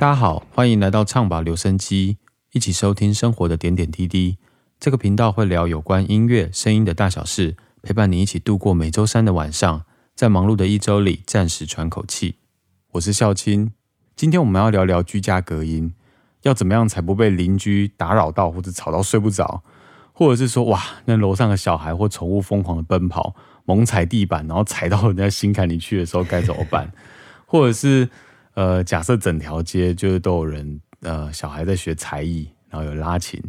大家好，歡迎來到唱吧留聲雞，一起收聽生活的點點滴滴。這個頻道會聊有關音樂、聲音的大小事，陪伴你一起度過每周三的晚上，在忙碌的一周裡暫時喘口氣。我是孝親，今天我們要聊聊居家隔音，要怎麼樣才不被鄰居打擾到，或者吵到睡不着，或者是說哇，那樓上的小孩或寵物瘋狂的奔跑，猛踩地板，然後踩到人家心坎裡去的時候該怎麼辦？或者是？呃，假設整條街就是都有人，呃，小孩在學才藝，然後有拉琴，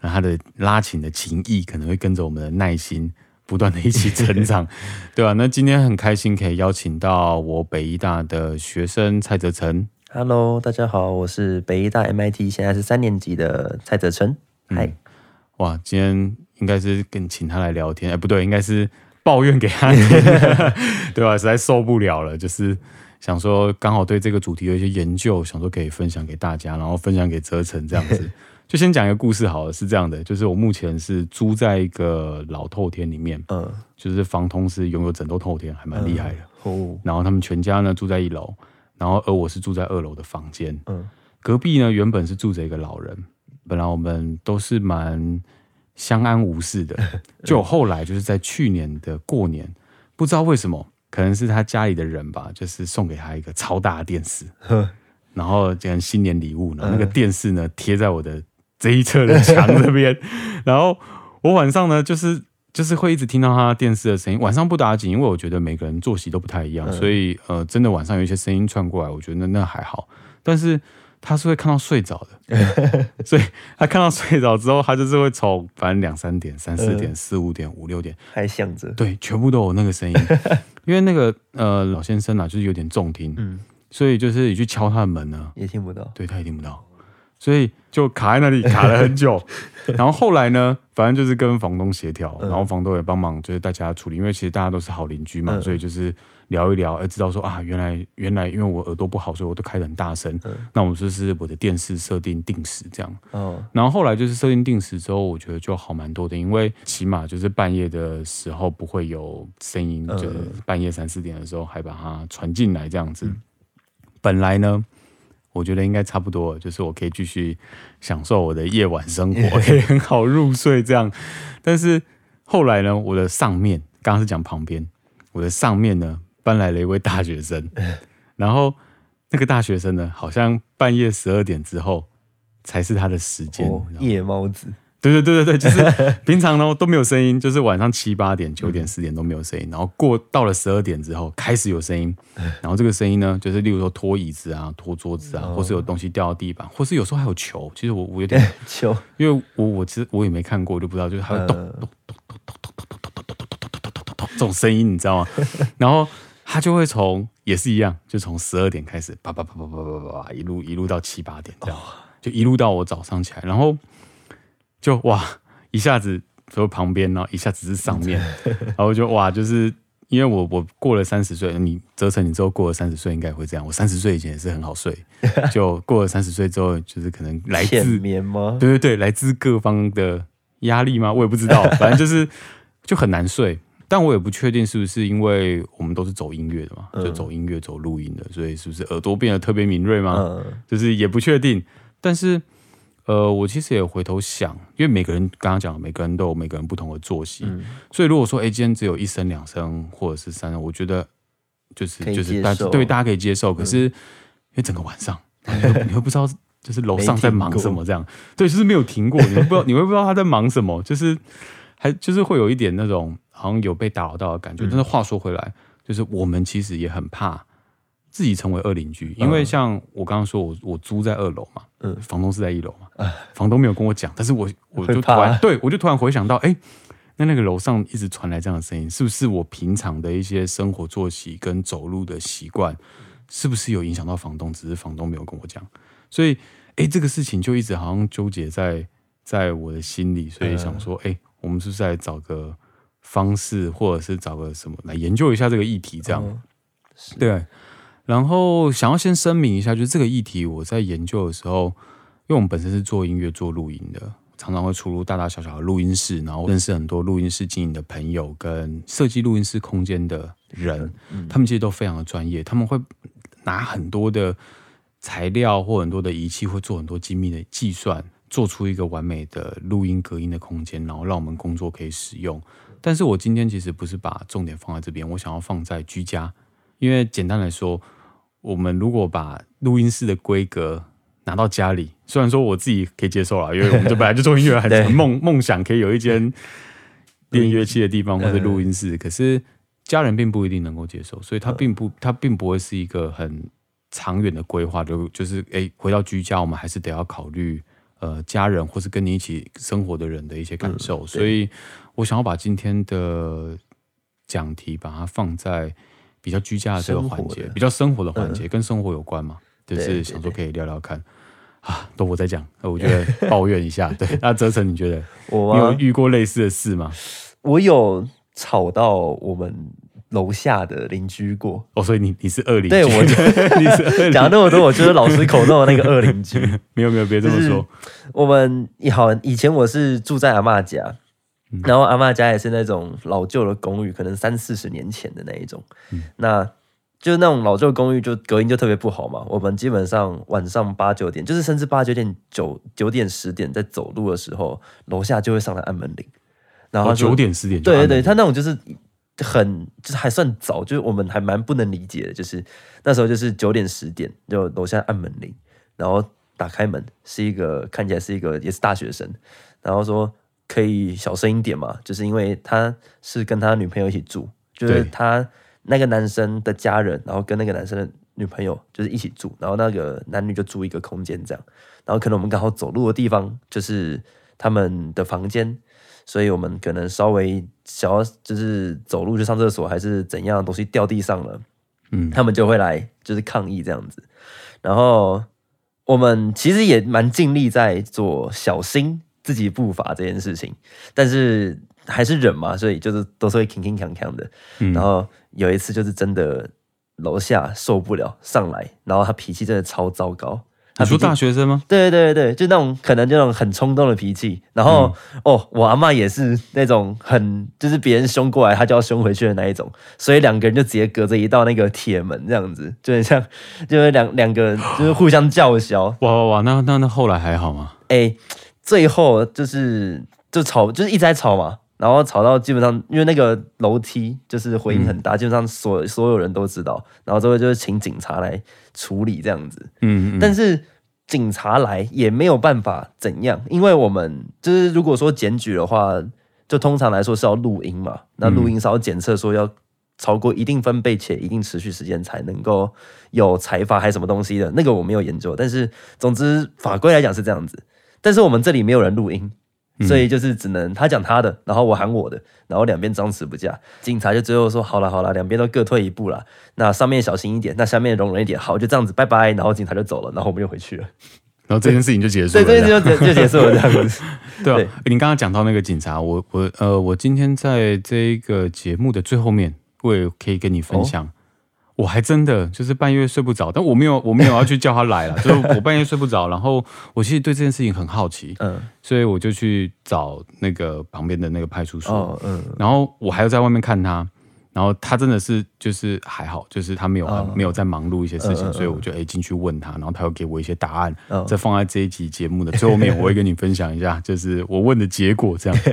那他的拉琴的琴藝可能會跟着我們的耐心不斷的一起成長， 對吧、啊？那今天很開心可以邀請到我北醫大的學生蔡澤成，Hello，大家好，我是北醫大 MIT 現在是三年級的蔡澤成，嗨、嗯，哇，今天應該是跟請他來聊天，哎，不對，應該是抱怨給他， 對吧、啊？實在受不了了，就是。想說剛好對這個主題有一些研究，想說可以分享給大家，然後分享給賾丞這樣子，就先講一個故事好了。是這樣的，就是我目前是租在一個老透天裡面，嗯，就是房東是擁有整棟透天，還蠻厲害的、嗯哦、然後他們全家呢住在一樓，然後而我是住在二樓的房間，嗯，隔壁呢原本是住着一個老人，本來我們都是蠻相安無事的，就後來就是在去年的過年，不知道為什麼。可能是他家裡的人吧，就是送給他一個超大的電視，呵然後講新年禮物呢。然後那個電視呢貼在我的這一側的牆這邊，呵呵然後我晚上呢就是就是會一直聽到他電視的聲音。晚上不打緊，因為我覺得每個人作息都不太一樣，所以呃，真的晚上有一些聲音傳過來，我覺得那那還好。但是。他是會看到睡着的， 所以他看到睡着之後，他就是會吵反正兩三點、三四點、呃、四,點四五點、五六點還響着，對，全部都有那個聲音， 因為那個呃老先生啊，就是有點重聽，嗯、所以就是你去敲他的門呢，也聽不到，對，他也聽不到，所以就卡在那裡卡了很久， 然後後來呢，反正就是跟房東協調，嗯、然後房東也幫忙就是大家處理，因為其實大家都是好鄰居嘛，嗯、所以就是。聊一聊，而知道說啊，原來原來，因為我耳朵不好，所以我都開得很大聲。Okay. 那我說就是我的電視設定定時這樣。Oh. 然後後來就是設定定時之後，我覺得就好蠻多的，因為起碼就是半夜的時候不會有聲音，uh. 就是半夜三四點的時候還把它傳進來這樣子。嗯、本來呢，我覺得應該差不多，就是我可以繼續享受我的夜晚生活，Yeah. 我可以很好入睡這樣。 但是後來呢，我的上面剛剛是講旁邊，我的上面呢。搬來了一位大學生，然後那個大學生呢，好像半夜十二點之後才是他的時間。夜貓子。對對對對對，就是平常呢都沒有聲音，就是晚上七八點、九點、十點都沒有聲音，然後過到了十二點之後開始有聲音，然後這個聲音呢，就是例如說拖椅子啊、拖桌子啊，或是有東西掉到地板，或是有時候還有球。其實我我有點球，因為我我其實我也沒看過，就不知道，就是還有咚咚咚咚咚咚咚咚咚咚咚咚咚咚咚咚這種聲音，你知道嗎？然後。他就會從也是一樣，就從十二點開始，叭叭叭叭叭叭叭，一路一路到七八點，這樣、oh. 就一路到我早上起來，然後就哇，一下子從旁邊呢，然後一下子是上面，嗯、然後就哇，就是因為我我過了三十歲，你賾丞你之後過了三十歲應該會這樣。我三十歲以前也是很好睡，就過了三十歲之後，就是可能來自天嗎對對對來自各方的壓力嗎？我也不知道，反正就是就很難睡。但我也不確定是不是因為我們都是走音樂的嘛，嗯、就走音樂、走錄音的，所以是不是耳朵變得特別敏銳嗎？嗯、就是也不確定。但是，呃，我其實也回頭想，因為每個人剛剛講，每個人都有每個人不同的作息，嗯、所以如果說誒、欸，今天只有一聲、兩聲或者是三聲，我覺得就是就是大家對大家可以接受。嗯、可是因為整個晚上，你又不知道就是樓上在忙什麼，這樣對，就是沒有停過，你會不知道你會不知道他在忙什麼，就是還就是會有一點那種。好像有被打擾到的感覺，嗯、但是話說回來，就是我們其實也很怕自己成為惡鄰居，嗯、因為像我剛剛說，我我租在二樓嘛，嗯，房東是在一樓嘛，唉房東沒有跟我講，但是我我就突然、啊、對我就突然回想到，哎、欸，那那個樓上一直傳來這樣的聲音，是不是我平常的一些生活作息跟走路的習慣，是不是有影響到房東？只是房東沒有跟我講，所以，哎、欸，這個事情就一直好像糾結在在我的心裡，所以想說，哎、嗯欸，我們是不是再找個方式，或者是找個什麼來研究一下這個議題，這樣、哦、對。然後想要先聲明一下，就是這個議題我在研究的時候，因為我們本身是做音樂、做錄音的，常常會出入大大小小的錄音室，然後認識很多錄音室經營的朋友跟設計錄音室空間的人，的嗯、他們其實都非常的專業，他們會拿很多的材料或很多的儀器，會做很多精密的計算，做出一個完美的錄音隔音的空間，然後讓我們工作可以使用。但是我今天其實不是把重點放在這邊，我想要放在居家，因為簡單來說，我們如果把錄音室的規格拿到家裡，雖然說我自己可以接受了，因為我們這本來就做音樂還是 對夢夢想可以有一間練樂器的地方對或者錄音室，可是家人並不一定能夠接受，對所以它並不它並不會是一個很長遠的規劃，就就是誒，回到居家，我們還是得要考慮呃家人或是跟你一起生活的人的一些感受，對所以。我想要把今天的講題把它放在比較居家的這個環節，比較生活的環節，跟生活有關嘛，就是想說可以聊聊看啊。都我在講，我覺得抱怨一下。對，那賾丞你覺得我有遇過類似的事嗎？我有吵到我們樓下的鄰居過哦，所以你你是惡鄰居，對，我覺得你是，講那麼多，我就是老師口中的那個惡鄰居。沒有沒有，別這麼說。我們好，以前我是住在阿嬤家。然後阿嬤家也是那種老舊的公寓，可能三四十年前的那一種，嗯、那就那種老舊公寓就隔音就特別不好嘛。我們基本上晚上八九點，就是甚至八九點九九，九點十點在走路的時候，樓下就會上來按門鈴，然後、哦、九點十點，對對對，他那種就是很就是還算早，就是我們還蠻不能理解的，就是那時候就是九點十點就樓下按門鈴，然後打開門是一個看起來是一個也是大學生，然後說。可以小聲一點嘛？就是因為他是跟他女朋友一起住，就是他那個男生的家人，對然後跟那個男生的女朋友就是一起住，然後那個男女就住一個空間這樣。然後可能我們剛好走路的地方就是他們的房間，所以我們可能稍微想要就是走路去上廁所還是怎樣，東西掉地上了，嗯，他們就會來就是抗議這樣子。然後我們其實也蠻盡力在做小心。自己步伐這件事情，但是還是忍嘛，所以就是都是會勤勤扛扛的。嗯、然後有一次就是真的樓下受不了，上來，然後他脾氣真的超糟糕。你說大學生嗎？對對對對，就那種可能就那種很衝動的脾氣。然後、嗯、哦，我阿嬤也是那種很就是別人凶過來，他就要凶回去的那一種。所以兩個人就直接隔着一道那個鐵門，這樣子，就很像就是兩兩個人就是互相叫囂。哇哇哇！那那那後來還好嗎？哎、欸。最後就是就吵，就是一直在吵嘛，然後吵到基本上，因為那個樓梯就是回音很大，嗯、基本上所有所有人都知道，然後最後就是請警察來處理這樣子。嗯，嗯，但是警察來也沒有辦法怎樣，因為我們就是如果說檢舉的話，就通常來說是要錄音嘛，那錄音是要檢測說要超過一定分貝且一定持續時間才能夠有裁罰還是什麼東西的，那個我沒有研究，但是總之法規來講是這樣子。但是我們這裡沒有人錄音，所以就是只能他講他的，然後我喊我的，然後兩邊僵持不下，警察就最後說：“好了好了，兩邊都各退一步了。那上面小心一點，那下面容忍一點。”好，就這樣子，拜拜。然後警察就走了，然後我們就回去了。然後這件事情就結束了。了。對，這件事情就結束了，這樣子。 對啊，你剛剛講到那個警察，我我呃，我今天在這個節目的最後面，我也可以跟你分享。哦我還真的就是半夜睡不着，但我沒有，我沒有要去叫他來了。 就是我半夜睡不着，然後我其實對這件事情很好奇，嗯，所以我就去找那個旁邊的那個派出所、哦，嗯，然後我還要在外面看他，然後他真的是就是還好，就是他沒有沒有在忙碌一些事情，哦嗯、所以我就誒進、欸、去問他，然後他又給我一些答案，嗯、再放在這一集節目的最後面，我會跟你分享一下， 就是我問的結果這樣。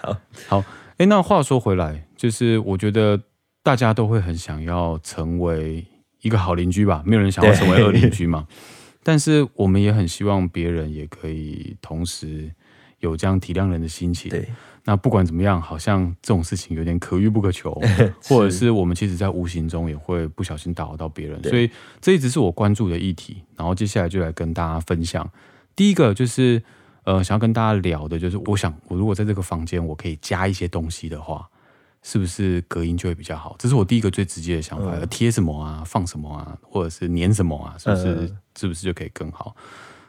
好 好，誒、欸，那話說回來，就是我覺得。大家都會很想要成為一個好鄰居吧，沒有人想要成為惡鄰居嘛。對 但是我們也很希望別人也可以同時有這樣體諒人的心情。對，那不管怎麼樣，好像這種事情有點可遇不可求， 是或者是我們其實，在無形中也會不小心打擾到別人。對所以這一直是我關注的議題。然後接下來就來跟大家分享。第一個就是呃，想要跟大家聊的，就是我想，我如果在這個房間，我可以加一些東西的話，是不是隔音就會比較好？這是我第一個最直接的想法，嗯、貼什麼啊，放什麼啊，或者是粘什麼啊，是不是是不是就可以更好？呃、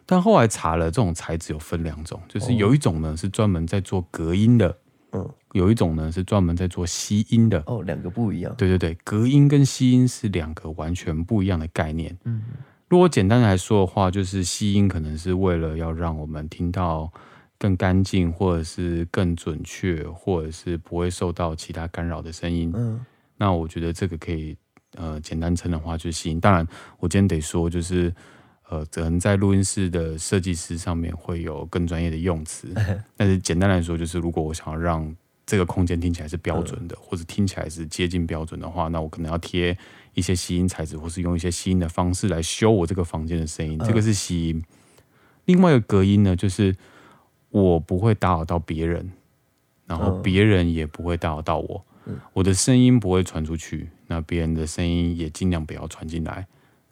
但後來查了，這種材質有分兩種，就是有一種呢是專門在做隔音的，嗯、哦，有一種呢是專門在做吸音的。哦，兩個不一樣。對對對，隔音跟吸音是兩個完全不一樣的概念。嗯，如果簡單來說的話，就是吸音可能是為了要讓我們聽到。更乾淨，或者是更準確，或者是不會受到其他干擾的聲音。嗯、那我覺得這個可以，呃，簡單稱的話就是吸音。當然，我今天得說，就是呃，可能在錄音室的設計師上面會有更專業的用詞。哎、嘿但是簡單來說，就是如果我想要讓這個空間聽起來是標準的，嗯、或者聽起來是接近標準的話，那我可能要貼一些吸音材質，或是用一些吸音的方式來修我這個房間的聲音。嗯、這個是吸音。另外一個隔音呢，就是。我不會打擾到別人，然後別人也不會打擾到我。哦、我的聲音不會傳出去，嗯、那別人的聲音也盡量不要傳進來。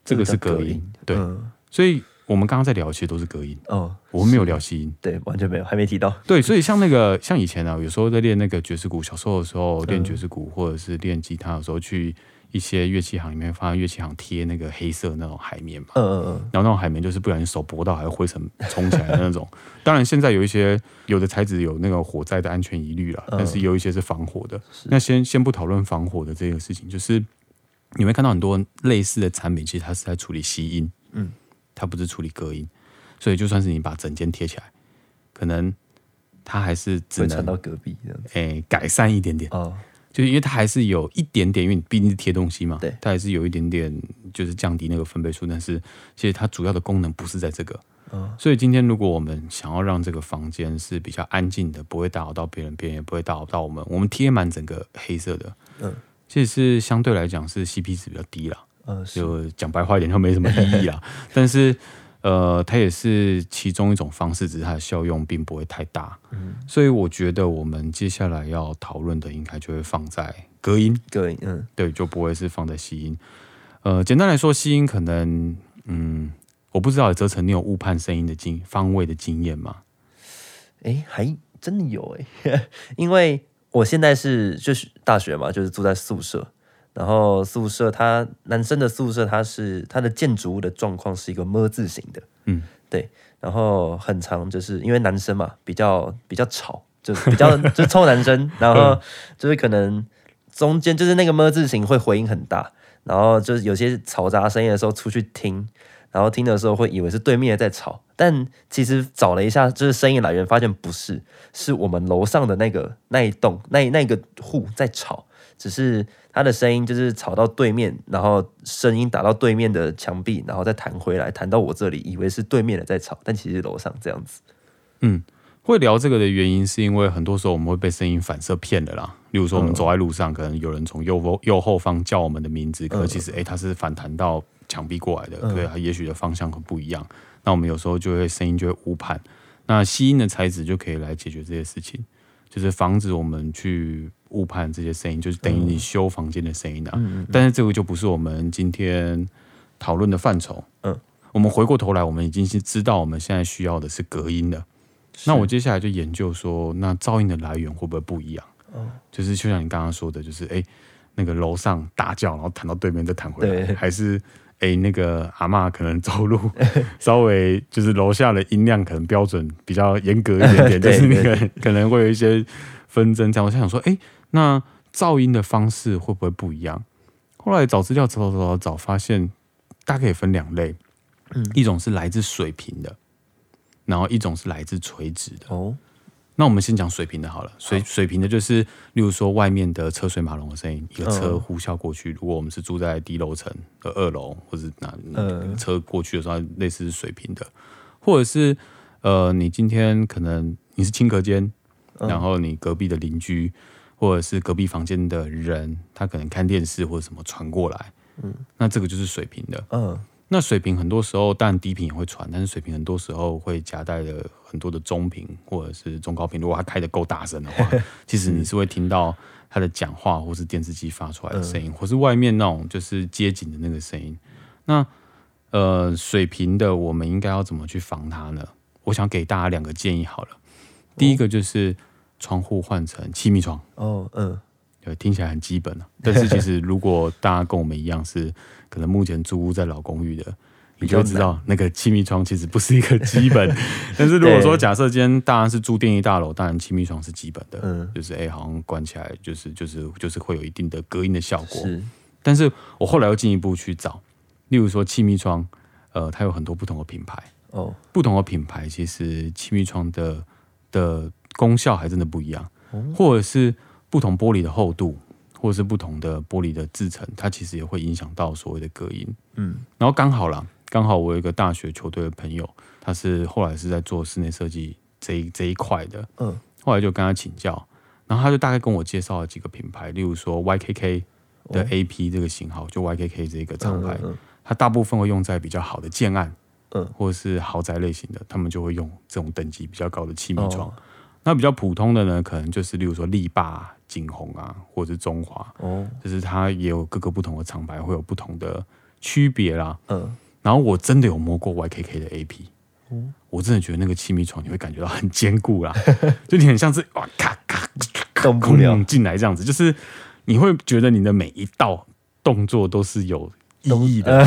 這個是隔音，嗯、隔音對。嗯、所以我們剛剛在聊，其實都是隔音。哦，我們沒有聊吸音，對，完全沒有，還沒提到。對，所以像那個，像以前呢、啊，有時候在練那個爵士鼓，小時候的時候練爵士鼓，或者是練吉他的時候去。一些樂器行裡面，發現樂器行貼那個黑色那種海綿嘛，然後那種海綿就是不小心手撥到，還有灰塵衝起來的那種。當然，現在有一些有的材質有那個火災的安全疑慮了，但是有一些是防火的。那先先不討論防火的這個事情，就是你會看到很多類似的產品，其實它是在處理吸音，它不是處理隔音，所以就算是你把整間貼起來，可能它還是只能傳到隔壁，哎，改善一點點就因為它還是有一點點，因為你畢竟是貼東西嘛，它還是有一點點，就是降低那個分貝數。但是其實它主要的功能不是在這個，嗯，所以今天如果我們想要讓這個房間是比較安靜的，不會打擾到別人，別人也不會打擾到我們，我們貼滿整個黑色的，嗯，其實是相對來講是 CP 值比較低了，嗯，就講白話一點就沒什麼意義啦， 但是。呃，它也是其中一種方式，只是它的效用並不會太大。嗯，所以我覺得我們接下來要討論的，應該就會放在隔音，隔音，嗯，對，就不會是放在吸音。呃，簡單來說，吸音可能，嗯，我不知道賾丞，你有誤判聲音的經方位的經驗嗎？哎、欸，還真的有哎、欸， 因為我現在是就是大學嘛，就是住在宿舍。然後宿舍，他男生的宿舍，他是他的建築物的狀況是一個 ㄇ 字形的，嗯，對。然後很長，就是因為男生嘛，比較比較吵，就是比較 就臭男生。然後就是可能中間就是那個 ㄇ 字形會回音很大，然後就是有些嘈雜聲音的時候出去聽，然後聽的時候會以為是對面在吵，但其實找了一下就是聲音來源，發現不是，是我們樓上的那個那一棟那那個戶在吵。只是他的聲音就是吵到對面，然後聲音打到對面的牆壁，然後再彈回來，彈到我這裡，以為是對面的在吵，但其實樓上這樣子。嗯，會聊這個的原因是因為很多時候我們會被聲音反射騙了啦。例如說，我們走在路上，嗯、可能有人從右後右後方叫我們的名字，嗯、可其實哎，他、欸、是反彈到牆壁過來的。對啊、嗯，它也許的方向可不一樣。那我們有時候就會聲音就會誤判。那吸音的材質就可以來解決這些事情，就是防止我們去。誤判這些聲音，就是等於你修房間的聲音，啊嗯，但是這個就不是我們今天討論的範疇。嗯，我們回過頭來，我們已經是知道我們現在需要的是隔音的。是那我接下來就研究說，那噪音的來源會不會不一樣？嗯，就是就像你剛剛說的，就是誒那個樓上大叫，然後彈到對面再彈回來，對還是誒那個阿嬤可能走路 稍微就是樓下的音量可能標準比較嚴格一點點， 對對就是那個可能會有一些紛爭。這樣，我想說，誒。那噪音的方式會不會不一樣？後來找資料，找找找找，找，發現大概也分兩類，嗯、一種是來自水平的，然後一種是來自垂直的。哦，那我們先講水平的好了。水、哦、水平的就是，例如說外面的車水馬龍的聲音，一個車呼嘯過去。嗯、如果我們是住在低樓層的二樓，或者那、那個、車過去的時候，類似是水平的，或者是呃，你今天可能你是輕隔間，然後你隔壁的鄰居。嗯或者是隔壁房間的人，他可能看電視或者什麼傳過來，嗯，那這個就是水平的，嗯，那水平很多時候當然低頻也會傳，但是水平很多時候會夾帶着很多的中頻或者是中高頻，如果它開得夠大聲的話， 其實你是會聽到他的講話或是電視機發出來的聲音，嗯、或是外面那種就是街景的那個聲音。那呃，水平的我們應該要怎麼去防它呢？我想給大家兩個建議好了，嗯、第一個就是。窗戶換成氣密窗哦，oh, 嗯，對，聽起來很基本了、啊。但是其實，如果大家跟我們一樣是 可能目前租屋在老公寓的，你就知道那個氣密窗其實不是一個基本。 對但是如果說假設今天大家是住電梯大樓，當然氣密窗是基本的，嗯、就是誒、欸，好像關起來、就是，就是就是就是會有一定的隔音的效果。是但是我後來又進一步去找，例如說氣密窗，呃，它有很多不同的品牌哦，oh、不同的品牌其實氣密窗的的。功效還真的不一樣，或者是不同玻璃的厚度，或者是不同的玻璃的製成，它其實也會影響到所謂的隔音。嗯，然後剛好啦，剛好我有一個大學球隊的朋友，他是後來是在做室內設計這一這一塊的。嗯，後來就跟他請教，然後他就大概跟我介紹了幾個品牌，例如說 YKK 的 AP 這個型號，哦、就 YKK 這個廠牌，它、嗯嗯嗯、大部分會用在比較好的建案，嗯,嗯，或者是豪宅類型的，他們就會用這種等級比較高的氣密窗。哦那比較普通的呢，可能就是例如說力霸、啊、景宏啊，或者是中華哦，就是它也有各個不同的廠牌，會有不同的區別啦。嗯，然後我真的有摸過 YKK 的 AP，、嗯、我真的覺得那個氣密窗你會感覺到很堅固啦， 就你很像是哇咔咔咔動不了進來這樣子，就是你會覺得你的每一道動作都是有意義的，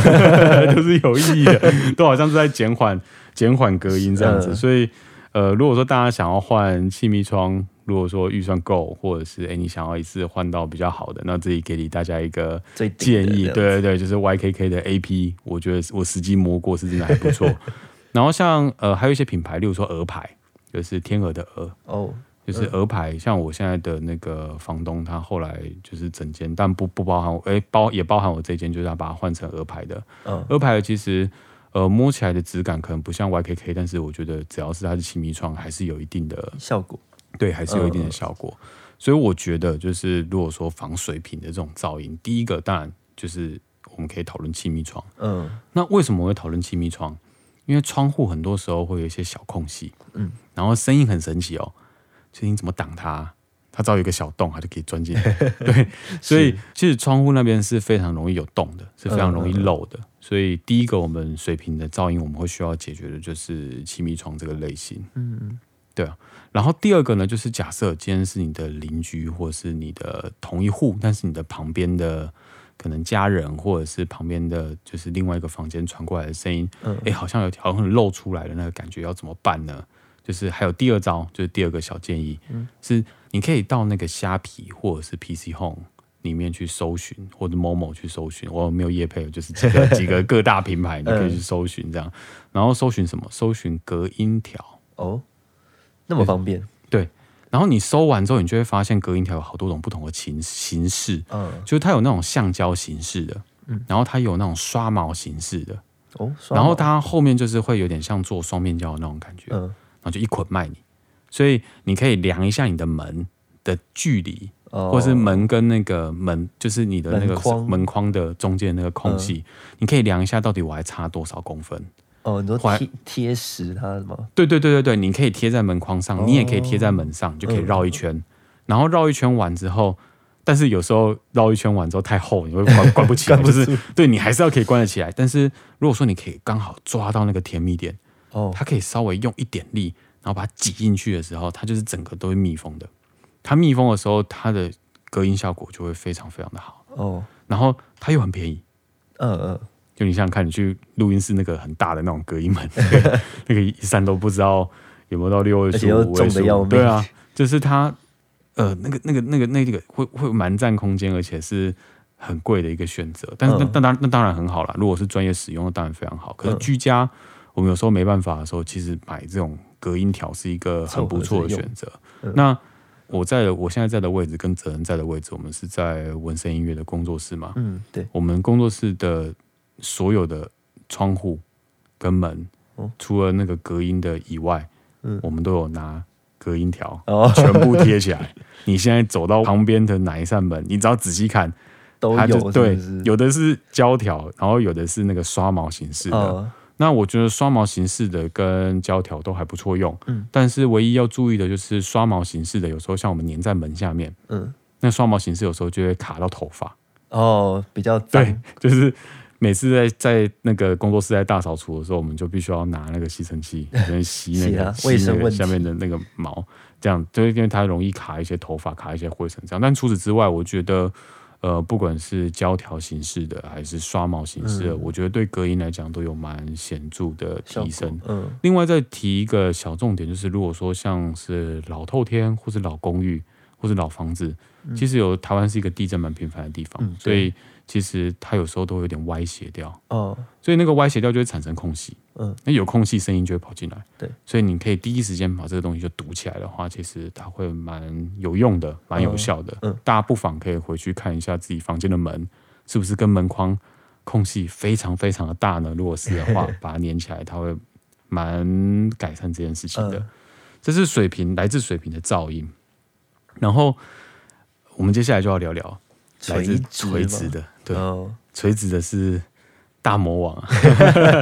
都動 是有意義的，都好像是在減緩減緩隔音這樣子，嗯、所以。呃，如果說大家想要換氣密窗，如果說預算夠，或者是誒，你想要一次換到比較好的，那這裡給你大家一個建議，對對對，就是 YKK 的 AP，我覺得我實際摸過是真的還不錯。 然後像呃，還有一些品牌，例如說鵝牌，就是天鵝的鵝、oh, 就是鵝牌。Uh huh. 像我現在的那個房東，他後來就是整間，但不不包含我，哎，包也包含我這間，就是要把它換成鵝牌的。Oh. 鵝牌其實。呃，摸起來的質感可能不像 YKK，但是我覺得只要是它的氣密窗，還是有一定的效果。對，還是有一定的效果。嗯，所以我覺得，就是如果說防水屏的這種噪音，第一個當然就是我們可以討論氣密窗。嗯，那為什麼我會討論氣密窗？因為窗戶很多時候會有一些小空隙，嗯，然後聲音很神奇哦，就你怎麼擋它？它只要有一個小洞，它就可以鑽進來 對，所以其實窗戶那邊是非常容易有洞的，是非常容易漏的。嗯嗯所以第一個，我們水平的噪音，我們會需要解決的就是氣密窗這個類型，嗯,嗯，對啊。然後第二個呢，就是假設今天是你的鄰居或者是你的同一戶，但是你的旁邊的可能家人或者是旁邊的，就是另外一個房間傳過來的聲音，嗯，哎、欸，好像有條縫漏出來的那個感覺，要怎麼辦呢？就是還有第二招，就是第二個小建議，嗯，是你可以到那個蝦皮或者是 PC Home。裡面去搜尋或者某某去搜尋，我沒有業配，就是幾個幾個各大品牌，你可以去搜尋這樣， 嗯、然後搜尋什麼？搜尋隔音條哦，那麼方便、就是、對。然後你搜完之後，你就會發現隔音條有好多種不同的形形式，嗯，就是它有那種橡膠形式的，嗯、然後它有那種刷毛形式的哦，刷毛？然後它後面就是會有點像做雙面膠的那種感覺，嗯，然後就一捆賣你，所以你可以量一下你的門的距離。或是門跟那個門，就是你的那個門框的中間那個空隙，你可以量一下到底我還差多少公分。哦，你都貼貼實它是嗎？對對對對對，你可以貼在門框上，你也可以貼在門上，就可以繞一圈。然後繞一圈完之後，但是有時候繞一圈完之後太厚，你會關關不起來。就是對你還是要可以關得起來。但是如果說你可以剛好抓到那個甜蜜點，哦，它可以稍微用一點力，然後把它擠進去的時候，它就是整個都會密封的。它密封的時候，它的隔音效果就會非常非常的好、oh. 然後它又很便宜，嗯嗯。就你想想看，你去錄音室那個很大的那種隔音門， 那個一扇都不知道有沒有到六位數、五位數，對啊。就是它，呃，那個、那個、那個、那個，會會蠻佔空間，而且是很貴的一個選擇。但是、uh. 那、那、那那當然很好了。如果是專業使用的，當然非常好。可是居家，uh. 我們有時候沒辦法的時候，其實買這種隔音條是一個很不錯的選擇。Uh. 那我在我現在在的位置跟賾丞在的位置，我們是在紋聲音樂的工作室嘛？嗯、對。我們工作室的所有的窗戶跟門，哦、除了那個隔音的以外，嗯、我們都有拿隔音條，全部貼起來。哦、 你現在走到旁邊的哪一扇門，你只要仔細看，它就都有，是不是？對，有的是膠條，然後有的是那個刷毛形式的。哦那我覺得刷毛形式的跟膠條都還不錯用，嗯，但是唯一要注意的就是刷毛形式的，有時候像我們粘在門下面，嗯，那刷毛形式有時候就會卡到頭髮，哦，比較髒，對，就是每次在在那個工作室在大掃除的時候，我們就必須要拿那個吸塵器來呵吸那個衛生下面的那個毛，這樣，就因為它容易卡一些頭髮、卡一些灰塵這樣。但除此之外，我覺得。呃，不管是膠條形式的，還是刷毛形式的，嗯、我覺得對隔音來講都有蠻顯著的提升。嗯、另外再提一個小重點，就是如果說像是老透天，或是老公寓，或是老房子，嗯、其實有台灣是一個地震蠻頻繁的地方，嗯、所以。所以其實它有時候都有點歪斜掉，oh. 所以那個歪斜掉就會產生空隙，嗯，那有空隙聲音就會跑進來，對，所以你可以第一時間把這個東西就堵起來的話，其實它會蠻有用的，蠻有效的，嗯、大家不妨可以回去看一下自己房間的門是不是跟門框空隙非常非常的大呢？如果是的話， 把它粘起來，它會蠻改善這件事情的。嗯、這是水平來自水平的噪音，然後我們接下來就要聊聊。來自垂直的，直對，oh. 垂直的是大魔王啊。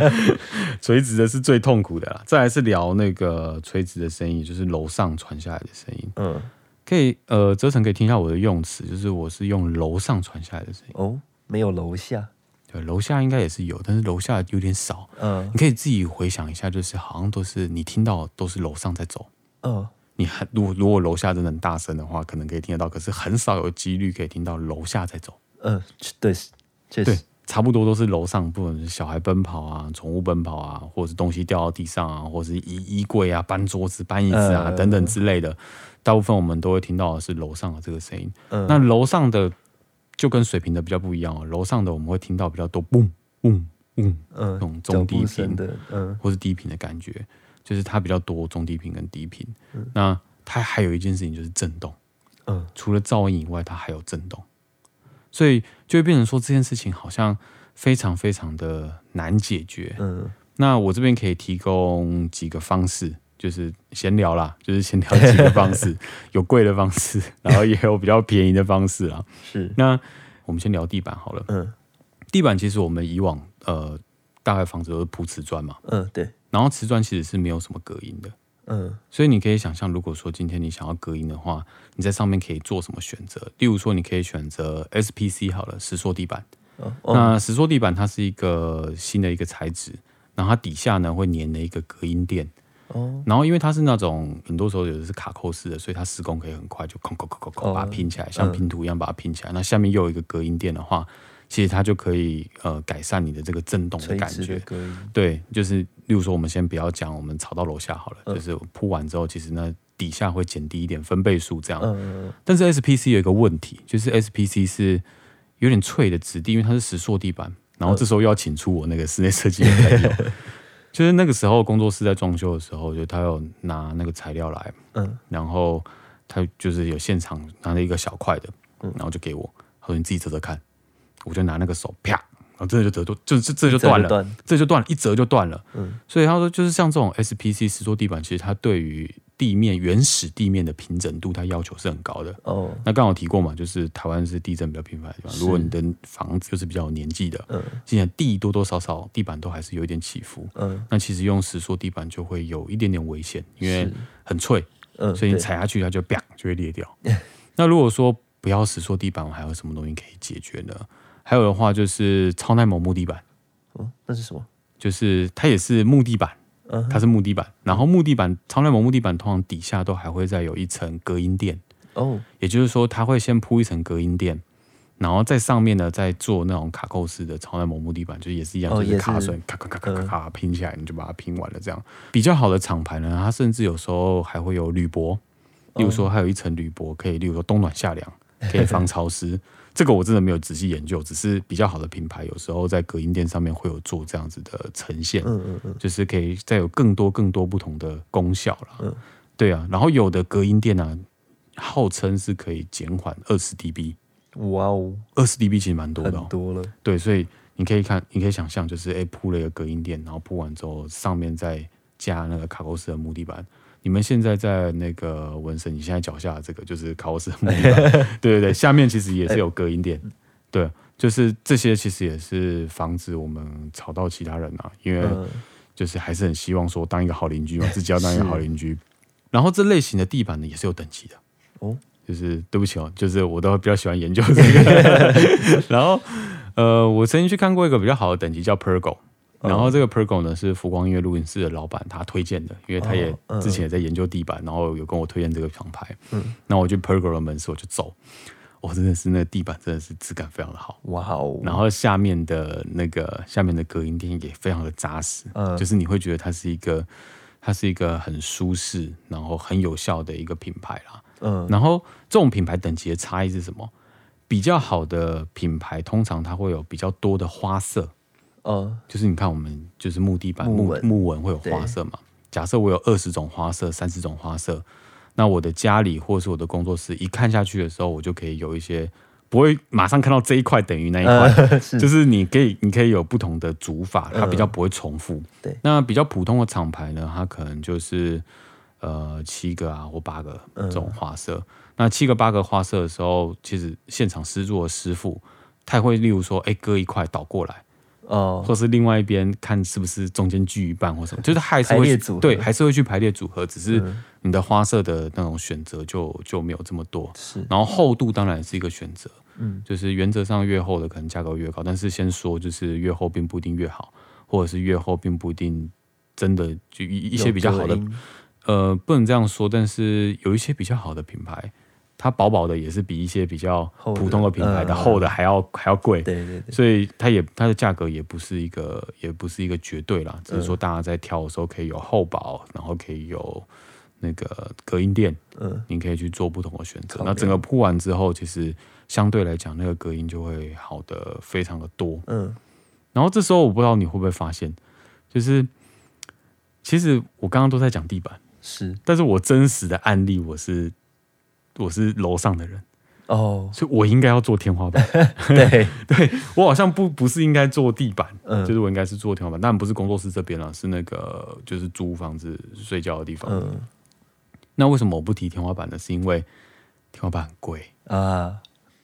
垂直的是最痛苦的啦。再來是聊那個垂直的聲音，就是樓上傳下來的聲音。嗯，可以，呃，賾丞可以聽一下我的用詞，就是我是用樓上傳下來的聲音。哦，oh, 沒有樓下？對，樓下應該也是有，但是樓下有點少。嗯，你可以自己回想一下，就是好像都是你聽到都是樓上在走。嗯。Oh. 你很如果，如果樓下真的很大聲的話，可能可以聽得到。可是很少有幾率可以聽到樓下在走。嗯、呃，對，差不多都是樓上，不管是小孩奔跑啊、寵物奔跑啊，或者是東西掉到地上啊，或者是衣衣櫃啊、搬桌子、搬椅子啊、呃、等等之類的。呃、大部分我們都會聽到的是樓上的這個聲音。嗯、呃，那樓上的就跟水平的比較不一樣哦。樓上的我們會聽到比較多嘣嘣嘣，呃、那種中低頻的，嗯、呃，或是低頻的感覺。就是它比較多中低頻跟低頻，嗯、那它還有一件事情就是震動，嗯、除了噪音以外，它還有震動，所以就會變成說這件事情好像非常非常的難解決，嗯、那我這邊可以提供幾個方式，就是閒聊啦，就是閒聊幾個方式， 有貴的方式，然後也有比較便宜的方式啊。是，那我們先聊地板好了，嗯，地板其實我們以往呃，大概房子都是鋪瓷磚嘛，嗯，對。然後瓷磚其實是沒有什麼隔音的，嗯，所以你可以想象，如果說今天你想要隔音的話，你在上面可以做什麼選擇？例如說，你可以選擇 SPC 好了，石塑地板。哦。那石塑地板它是一個新的一個材質，然後它底下呢會粘了一個隔音墊。哦。然後因為它是那種很多時候有的是卡扣式的，所以它施工可以很快就摳摳摳摳摳把它拼起來，像拼圖一樣把它拼起來。那下面又有一個隔音墊的話。其實它就可以呃改善你的這個震動的感覺，對，就是例如說我們先不要講，我們吵到樓下好了，嗯、就是鋪完之後，其實那底下會減低一點分貝數這樣。嗯嗯嗯。但是 SPC 有一個問題，就是 SPC 是有點脆的質地，因為它是石塑地板。然後這時候又要請出我那個室內設計。就是那個時候工作室在裝修的時候，就他有拿那個材料來，嗯、然後他就是有現場拿了一個小塊的，然後就給我，他說你自己測測看。我就拿那個手啪，然後這就折，斷，就是這就斷了，這就斷了，一折就斷了。所以他說就是像這種 S P C 石塑地板，其實它對於地面原始地面的平整度，它要求是很高的。那剛好提過嘛，就是台灣是地震比較頻繁的地方，如果你的房子就是比較年紀的，現在地多多少少地板都還是有一點起伏，那其實用石塑地板就會有一點點危險，因為很脆，所以你踩下去它就啪就會裂掉。那如果說不要石塑地板，我還有什麼東西可以解決呢？還有的話就是超耐磨木、木地板，哦，那是什麼？就是它也是木地板，它是木地板。然後木地板、超耐磨木地板通常底下都還會再有一層隔音墊，哦，也就是說它會先鋪一層隔音墊，然後在上面呢再做那種卡扣式的超耐磨木地板，就也是一樣，就、哦、是卡榫，咔咔咔咔咔咔拼起來，你就把它拼完了。這樣比較好的廠牌呢，它甚至有時候還會有鋁箔，例如說還有一層鋁箔，可以例如說冬暖夏涼，可以防潮濕。嘿嘿，嗯。這個我真的沒有仔細研究，只是比較好的品牌有時候在隔音墊上面會有做這樣子的呈現，嗯嗯、就是可以再有更多更多不同的功效了，嗯、對啊，然後有的隔音墊呢、啊，號稱是可以減緩二十 dB，哇哦，二十 dB 其實蠻多的、哦，多了，對，所以你可以看，你可以想象，就是哎鋪了一個隔音墊，然後鋪完之後上面再加那個卡扣式的木地板。你們現在在那個紋聲？你現在腳下的這個就是卡奧斯的的，對對對，下面其實也是有隔音墊，對，就是這些其實也是防止我們吵到其他人啊，因為就是還是很希望說當一個好鄰居嘛，自己要當一個好鄰居。是然後這類型的地板呢也是有等級的哦，就是對不起哦，就是我都比較喜歡研究這個。 然後呃，我曾經去看過一個比較好的等級叫 Pergo。然後這個 Pergo 呢，是浮光音樂錄音室的老板他推薦的，因為他也之前也在研究地板，哦嗯、然後有跟我推薦這個品牌。嗯，那我去 Pergo 的門市我就走，我、哦、真的是那地板真的是質感非常的好，哇哦！然後下面的那個下面的隔音墊也非常的扎實，嗯，就是你會覺得它是一個它是一個很舒適然後很有效的一個品牌啦，嗯。然後這種品牌等級的差異是什麼？比較好的品牌通常它會有比較多的花色。Oh, 就是你看，我們就是木地板木紋木紋會有花色嘛？對假設我有二十種花色、三十種花色，那我的家裡或是我的工作室，一看下去的時候，我就可以有一些不會馬上看到這一塊等於那一塊，uh, 就是你可以是你可以有不同的組法，它比較不會重複。對，uh, 那比較普通的廠牌呢，它可能就是呃七個啊或八個這種花色。Uh, 那七個八個花色的時候，其實現場施作的師傅他會，例如說，哎、欸，割一塊倒過來。呃，哦、或是另外一邊看是不是中間鋸一半或什麼，排列組合就是還是會排列組合，對，還是會去排列組合，只是你的花色的那種選擇就就沒有這麼多。是、嗯，然後厚度當然是一個選擇，嗯是，就是原則上越厚的可能價格越高，嗯、但是先說就是越厚並不一定越好，或者是越厚並不一定真的就一一些比較好的，呃，不能這樣說，但是有一些比較好的品牌。它薄薄的也是比一些比較普通的品牌的厚的，呃、厚的還要還要貴，對，對對。所以它也它的價格也不是一個也不是一個絕對啦，只是說大家在挑的時候可以有厚薄，呃、然後可以有那個隔音墊，嗯、呃，你可以去做不同的選擇。命那整個鋪完之後，其實相對來講，那個隔音就會好的非常的多，嗯、呃。然後這時候我不知道你會不會發現，就是其實我剛剛都在講地板是，但是我真實的案例我是。我是樓上的人哦，oh. 所以我應該要做天花板。 對，對我好像不不是應該做地板，嗯、就是我應該是做天花板。但不是工作室這邊啊，是那個就是租房子睡覺的地方。嗯，那為什麼我不提天花板呢？是因為天花板很貴啊，uh,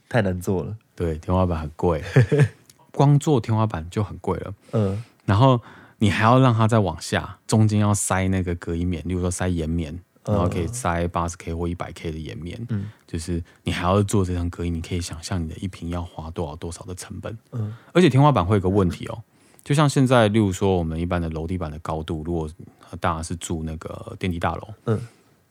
太難做了。對，天花板很貴， 光做天花板就很貴了。嗯，然後你還要讓它再往下，中間要塞那個隔音棉，例如說塞岩棉。然後可以塞八十 K 或一百 K 的岩棉，嗯，就是你還要做這張隔音，你可以想象你的一平要花多少多少的成本，嗯，而且天花板會有個問題哦，喔，就像現在，例如說我們一般的樓地板的高度，如果大家是住那個電梯大樓，嗯，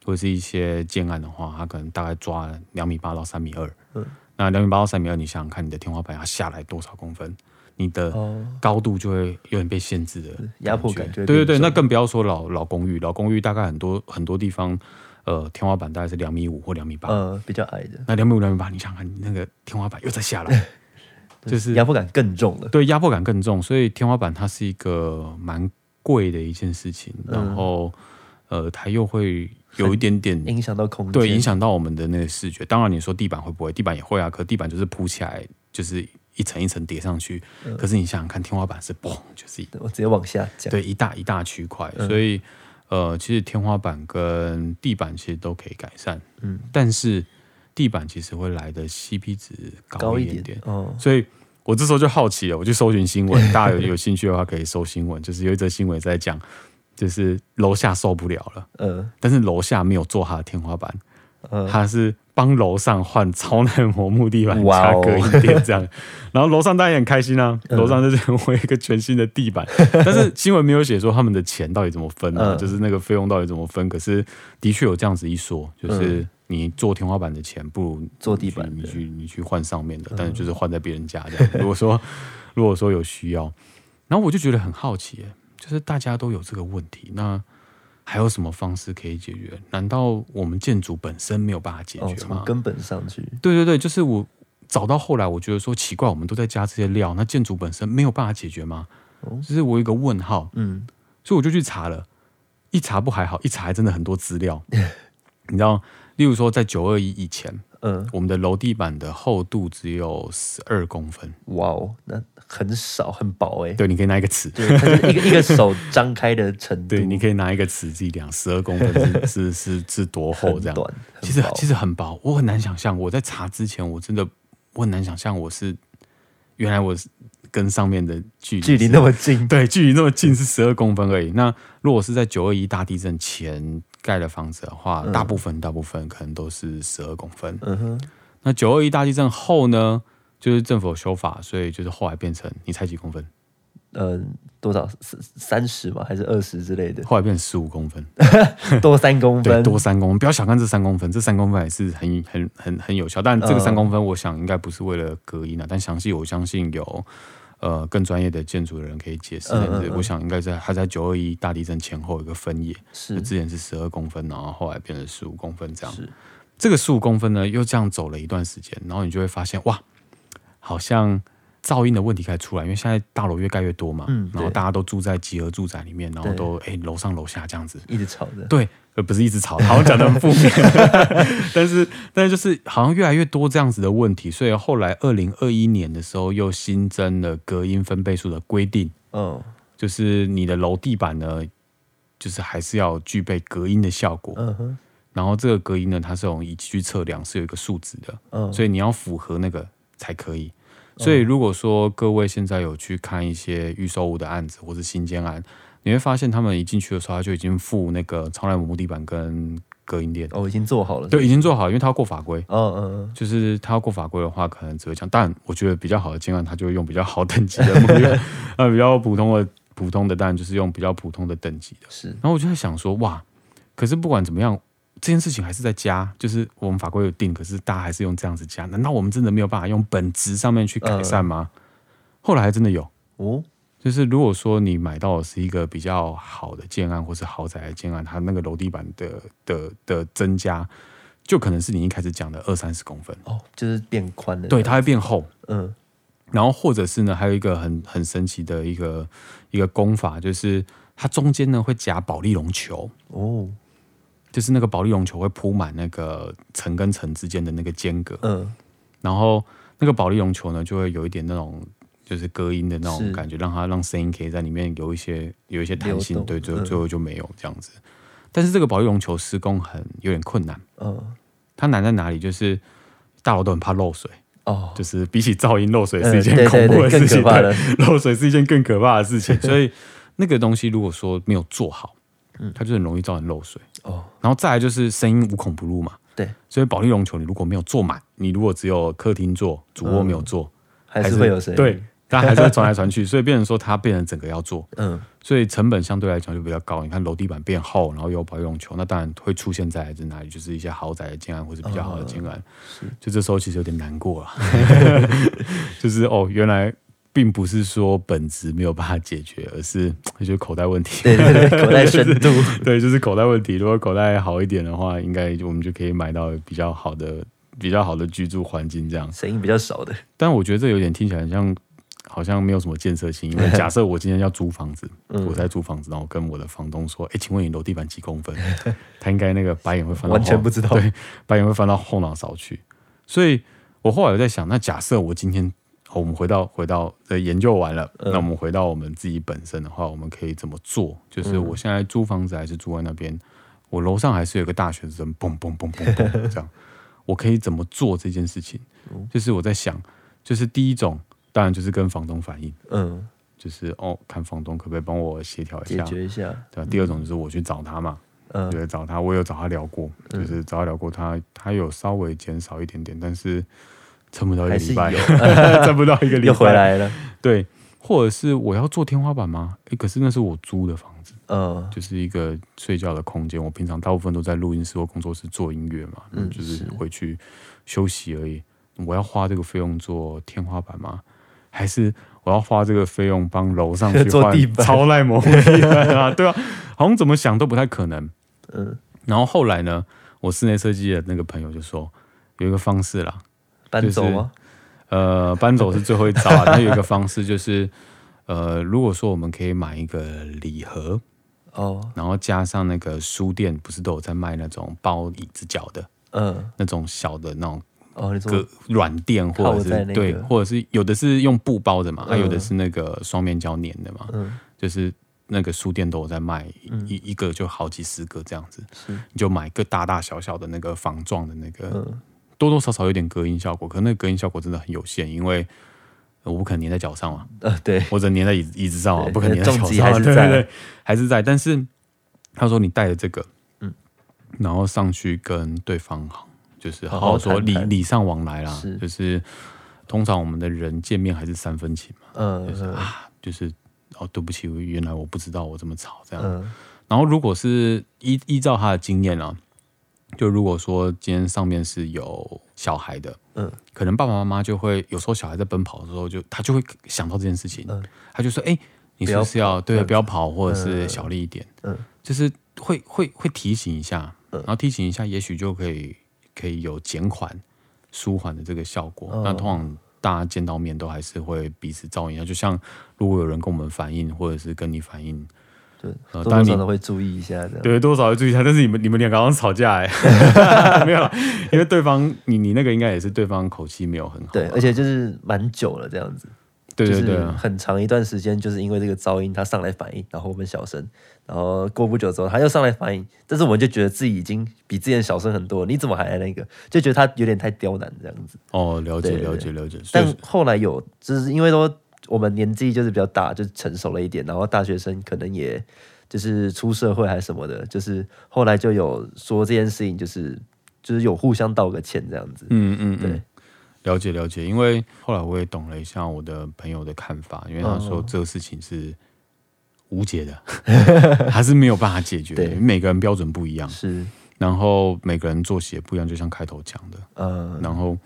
或者是一些建案的話，它可能大概抓兩米八到三米二，嗯，那兩米八到三米二，你想想看你的天花板要下來多少公分。你的高度就會有點被限制的壓迫感，對對對，那更不要說老老公寓，老公寓大概很多很多地方，呃，天花板大概是兩米五或兩米八，呃，比較矮的。那兩米五、兩米八，你想看，啊、你那個天花板又在下來， 對 就是壓迫感更重了。對，壓迫感更重，所以天花板它是一個蠻貴的一件事情，然後呃，它又會有一點點影響到空間，對，影響到我們的那個視覺。當然你說地板會不會？地板也會啊，可地板就是鋪起來就是。一層一層疊上去，呃、可是你想想看，天花板是砰，就是一，我直接往下講，對，一大一大區塊，嗯、所以呃，其實天花板跟地板其實都可以改善，嗯，但是地板其實會來的 CP 值高一點點，點哦、所以我這時候就好奇了，我就搜尋新聞，對大家有有興趣的話可以搜新聞， 就是有一則新聞也在講，就是樓下受不了了，嗯，但是樓下沒有做他的天花板，嗯，他是。幫樓上換超耐磨木地板加隔音墊，這樣，然後樓上當然也很開心啊。樓上就是換一個全新的地板，但是新聞沒有寫說他們的錢到底怎麼分啊，就是那個費用到底怎麼分。可是的確有這樣子一說，就是你做天花板的錢不如做地板，你去你去換上面的，但是就是換在別人家這樣。如果說如果說有需要，然後我就覺得很好奇，欸，就是大家都有這個問題，那。還有什麼方式可以解決？難道我們建築本身沒有辦法解決嗎？哦、從根本上去？對對對，就是我找到後來，我覺得說奇怪，我們都在加這些料，那建築本身沒有辦法解決嗎？只、哦、就是我有一個問號，嗯，所以我就去查了，一查不還好，一查還真的很多資料， 你知道，例如說在九二一以前，嗯，我們的樓地板的厚度只有十二公分，哇哦，那。很少，很薄哎、欸，對，你可以拿一個尺，對一個一個手張開的程度。 對，你可以拿一個尺子量，十二公分是是是，是多厚這樣。其實其實很薄，我很難想象。我在查之前，我真的我很難想象我是原來我是跟上面的距距離那麼近。對，距離那麼近是十二公分而已。對那如果是在九二一大地震前蓋的房子的話，嗯、大部分大部分，可能都是十二公分。嗯哼。那九二一大地震後呢？就是政府修法，所以就是後來變成你猜幾公分？呃，多少三十吧，還是二十之類的？後來變成十五公分， 多三公分， 多三公分，多三公。不要小看這三公分，這三公分也是很很很很有效。但這個三公分，我想應該不是為了隔音的。嗯、但詳細，我相信有呃更專業的建築的人可以解釋。我想應該在還在九二一大地震前後一個分野，是之前是十二公分，然後後來變成十五公分這樣。是這個十五公分呢，又這樣走了一段時間，然後你就會發現哇。好像噪音的問題開始出來，因為現在大樓越蓋越多嘛，嗯、然後大家都住在集合住宅裡面，然後都哎樓對、欸、上樓下這樣子一直吵着，對，而不是一直吵，好像講到負面， 但是但是就是好像越來越多這樣子的問題，所以後來二零二一年的時候又新增了隔音分貝數的規定，oh. 就是你的樓地板呢，就是還是要具備隔音的效果，嗯哼、uh，huh. 然後這個隔音呢它，是用儀器去測量，是有一個數值的，嗯，oh. 所以你要符合那個才可以。所以，如果說各位現在有去看一些預售屋的案子或是新建案，你會發現他們一進去的時候，他就已經鋪那個超耐磨木地板跟隔音墊。哦，已經做好了是不是？對，已經做好了，因為他要過法規。哦，嗯嗯，就是他要過法規的話，可能只會講。但我覺得比較好的建案，他就會用比較好等級的木業、 嗯。比較普通的普通的，當然就是用比較普通的等級的。是。然後我就在想說，哇，可是不管怎麼樣。這件事情還是在加，就是我們法規有定，可是大家還是用這樣子加。難道我們真的沒有辦法用本質上面去改善嗎？嗯，後來還真的有哦，就是如果說你買到的是一個比較好的建案或是豪宅的建案，它那個樓地板的的的的增加，就可能是你一開始講的二三十公分哦，就是變寬的，對，它會變厚，嗯，然後或者是呢，還有一個很很神奇的一個一個工法，就是它中間呢會夾保麗龍球哦。就是那個保麗龍球會鋪滿那個層跟層之間的那個間隔，嗯，然後那個保麗龍球呢，就會有一點那種就是隔音的那種感覺，是讓它讓聲音可以在裡面有一些有一些彈性，動對，最後最後就沒有這樣子。嗯、但是這個保麗龍球施工很有點困難，嗯，它難在哪裡？就是大樓都很怕漏水哦，就是比起噪音漏水是一件恐怖的事情，嗯、對，對，對，怕對，漏水是一件更可怕的事情， 所以那個東西如果說沒有做好。它就很容易造成漏水哦。然後再來就是聲音無孔不入嘛，對。所以保麗龍球你如果沒有做滿，你如果只有客廳做，主臥沒有做，嗯、還，是還是會有聲音對，但還是會傳來傳去。 所以變成說它變成整個要做，嗯，所以成本相對來講就比較高。你看樓地板變厚，然後有保麗龍球，那當然會出現在在哪裡？就是一些豪宅的建案或者是比較好的建案，嗯、是就這時候其實有點難過了， 就是哦，原來。並不是說本質沒有辦法解決，而是就是口袋問題，對對對，口袋深度， 對，就是口袋問題。如果口袋好一點的話，應該我們就可以買到比較好的、比較好的居住環境，這樣聲音比較少的。但我覺得這有點聽起來像，好像沒有什麼建設性。因為假設我今天要租房子， 我在租房子，然後跟我的房東說：“ 嗯、誒，請問你樓地板幾公分？”他應該那個白眼會翻到，完全不知道，對，白眼會翻到後腦勺去。所以我後來有在想，那假設我今天。好，我們回到回到在、呃、研究完了，嗯、那我們回到我們自己本身的話，我們可以怎麼做？就是我現在租房子還是租在那邊，嗯、我樓上還是有個大學生，嘣嘣嘣嘣嘣這樣， 我可以怎麼做這件事情？嗯、就是我在想，就是第一種，當然就是跟房東反映，嗯，就是哦，看房東可不可以幫我協調一下，解決一下，嗯、對吧？第二種就是我去找他嘛，對、嗯，找他，我有找他聊過，嗯、就是找他聊過他，他他有稍微減少一點點，但是，撐不到一個禮拜，撐是 不到一個禮拜又回來了。對，或者是我要做天花板嗎？欸、可是那是我租的房子，嗯，就是一個睡覺的空間。我平常大部分都在錄音室或工作室做音樂嘛，嗯，就是回去休息而已。嗯、是 我要花這個費用做天花板嗎？還是我要花這個費用幫樓上去做地板，超耐磨地板對啊，對吧？啊？好像怎麼想都不太可能。嗯，然後後來呢，我室內設計的那個朋友就說有一個方式啦。搬走嗎、就是？呃，搬走是最後一招、啊。它 有一個方式就是，呃，如果說我們可以買一個禮盒哦，然後加上那個書店不是都有在賣那種包椅子腳的？嗯，那種小的那種、哦那個軟墊或者是對，或者是有的是用布包的嘛，還、嗯啊，有的是那個雙面膠粘的嘛。嗯，就是那個書店都有在賣一一個就好幾十個這樣子，嗯、你就買一個大大小小的那個防撞的那個。嗯多多少少有點隔音效果，可是那個隔音效果真的很有限，因為我不可能粘在腳上嘛，呃，對，或者粘在椅子椅子上啊，對不可能粘在腳上，對對，對對，還是在。但是他說你帶着這個，嗯，然後上去跟對方，好，就是好好說禮禮尚往來啦，是就是通常我們的人見面還是三分情嘛，嗯、就是嗯啊，就是哦，對不起，原來我不知道我這麼吵，這樣，嗯、然後如果是依依照他的經驗啊。就如果說今天上面是有小孩的，嗯，可能爸爸媽媽就會有時候小孩在奔跑的時候就，就他就會想到這件事情，嗯、他就說，哎、欸，你是不是要、嗯、對，不要跑，或者是小力一點，嗯嗯、就是會會會提醒一下，然後提醒一下，也許就可以可以有減緩、舒緩的這個效果。嗯、那通常大家見到面都還是會彼此照應一下，就像如果有人跟我們反映，或者是跟你反映，對，多少都會注意一下的、哦。對，多少會注意一下，但是你們你們兩個剛剛吵架哎， 沒有，因為對方你你那個應該也是對方口氣沒有很好、啊。對，而且就是蠻久了這樣子，對對對、啊，很長一段時間就是因為這個噪音，他上來反應，然後我們小聲，然後過不久之後他又上來反應，但是我就覺得自己已經比之前小聲很多，你怎麼還愛那個？就覺得他有點太刁難這樣子。哦，了解了解了解。了解但後來有，就是因為說。我們年紀就是比較大，就成熟了一點，然後大學生可能也就是出社會還是什麼的，就是後來就有說這件事情，就是就是有互相道個歉這樣子。嗯嗯對，了解了解。因為後來我也懂了一下我的朋友的看法，因為他說這個事情是無解的，還、嗯、 是沒有辦法解決的。 對，每個人標準不一樣是，然後每個人作息也不一樣，就像開頭講的，嗯，然後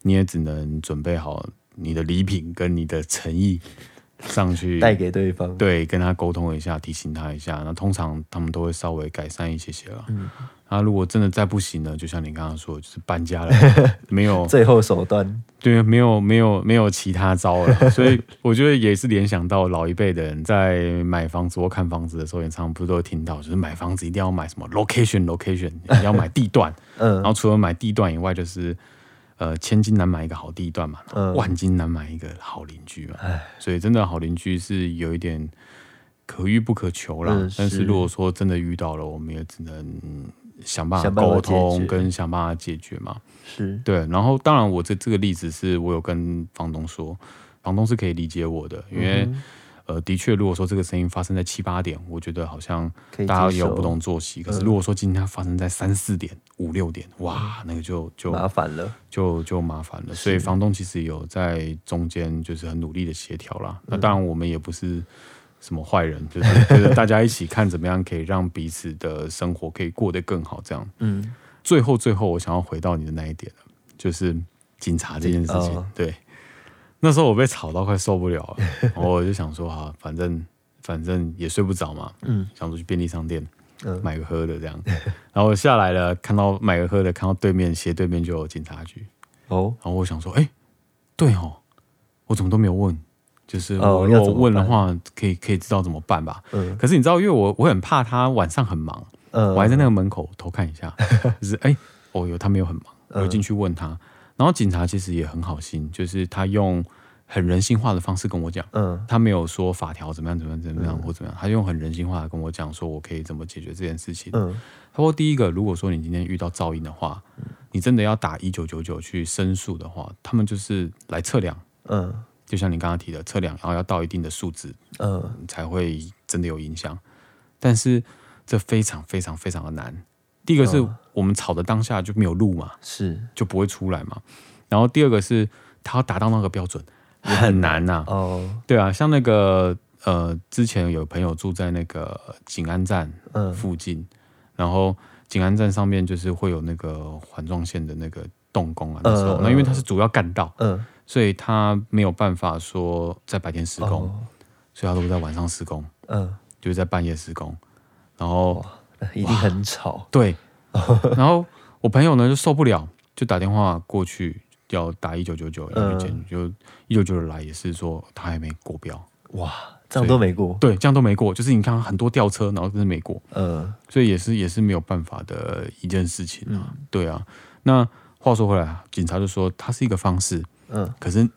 你也只能準備好。你的禮品跟你的誠意上去帶給對方，對，跟他溝通一下，提醒他一下。那通常他們都會稍微改善一些些了。嗯，那、啊、如果真的再不行呢？就像你剛剛說，就是搬家了， 沒有最後手段，對，沒有沒有沒有其他招了。所以我覺得也是聯想到老一輩的人在買房子或看房子的時候，常常不是都會聽到，就是買房子一定要買什麼 location，location，你要買地段。 嗯，然後除了買地段以外，就是。呃，千金難買一個好地段嘛，萬金難買一個好鄰居嘛，嗯、所以真的好鄰居是有一點可遇不可求啦。嗯、是。但是如果說真的遇到了，我們也只能想辦法溝通想法跟想辦法解決嘛。是，對。然後當然，我這這個例子是我有跟房東說，房東是可以理解我的，因為、嗯。呃，的確，如果說這個聲音發生在七八點，我覺得好像大家也有不同作息。可，可是如果說今天它發生在三四點、嗯、五六點，哇，那個就就麻，就，就麻煩了，就就麻煩了。所以房東其實有在中間就是很努力的協調啦。是那當然，我們也不是什麼壞人，嗯、就是，就是覺得大家一起看怎麼樣可以讓彼此的生活可以過得更好，這樣。嗯。最後，最後，我想要回到你的那一點，就是警察這件事情，哦、對。那時候我被吵到快受不了了，我就想說啊，反正反正也睡不着嘛，嗯、想說去便利商店買個喝的這樣，然後下來了，看到買個喝的，看到對面斜對面就有警察局，哦、然後我想說，哎、欸，對哦，我怎麼都沒有問，就是我如果問的話，可以可以知道怎麼辦吧，可是你知道，因為我我很怕他晚上很忙，我還在那個門口偷看一下，就是哎、欸，哦喲他沒有很忙，我進去問他。嗯然後警察其實也很好心，就是他用很人性化的方式跟我講，嗯，他沒有說法條怎麼樣怎麼樣怎麼樣、嗯、或怎麼樣，他用很人性化的跟我講，說我可以怎麼解決這件事情。嗯，他說第一個，如果說你今天遇到噪音的話，你真的要打一九九九去申訴的話，他們就是來測量，嗯，就像你剛剛提的測量，然後要到一定的數值，嗯，才會真的有影響。但是這非常非常非常的難。第一個是。嗯我們吵的當下就沒有路嘛，是就不會出來嘛。然後第二個是，他要達到那個標準也很，很難吶、啊。哦，對啊，像那個呃，之前有朋友住在那個景安站附近，嗯、然後景安站上面就是會有那個環狀線的那個動工啊。那時候，嗯、那因為它是主要幹道，嗯，所以他沒有辦法說在白天施工，哦、所以他都是在晚上施工，嗯，就是在半夜施工，然後一定很吵，對。 然後我朋友呢就受不了，就打電話過去要打一九九九，一九九九，因為檢舉就一九九九來也是說他還沒過標，哇，這樣以都沒過，對，這樣都沒過，就是你看很多吊車，然後就是沒過，嗯，所以也是也是沒有辦法的一件事情啊。對啊，那話說回來，警察就說他是一個方式，嗯，可是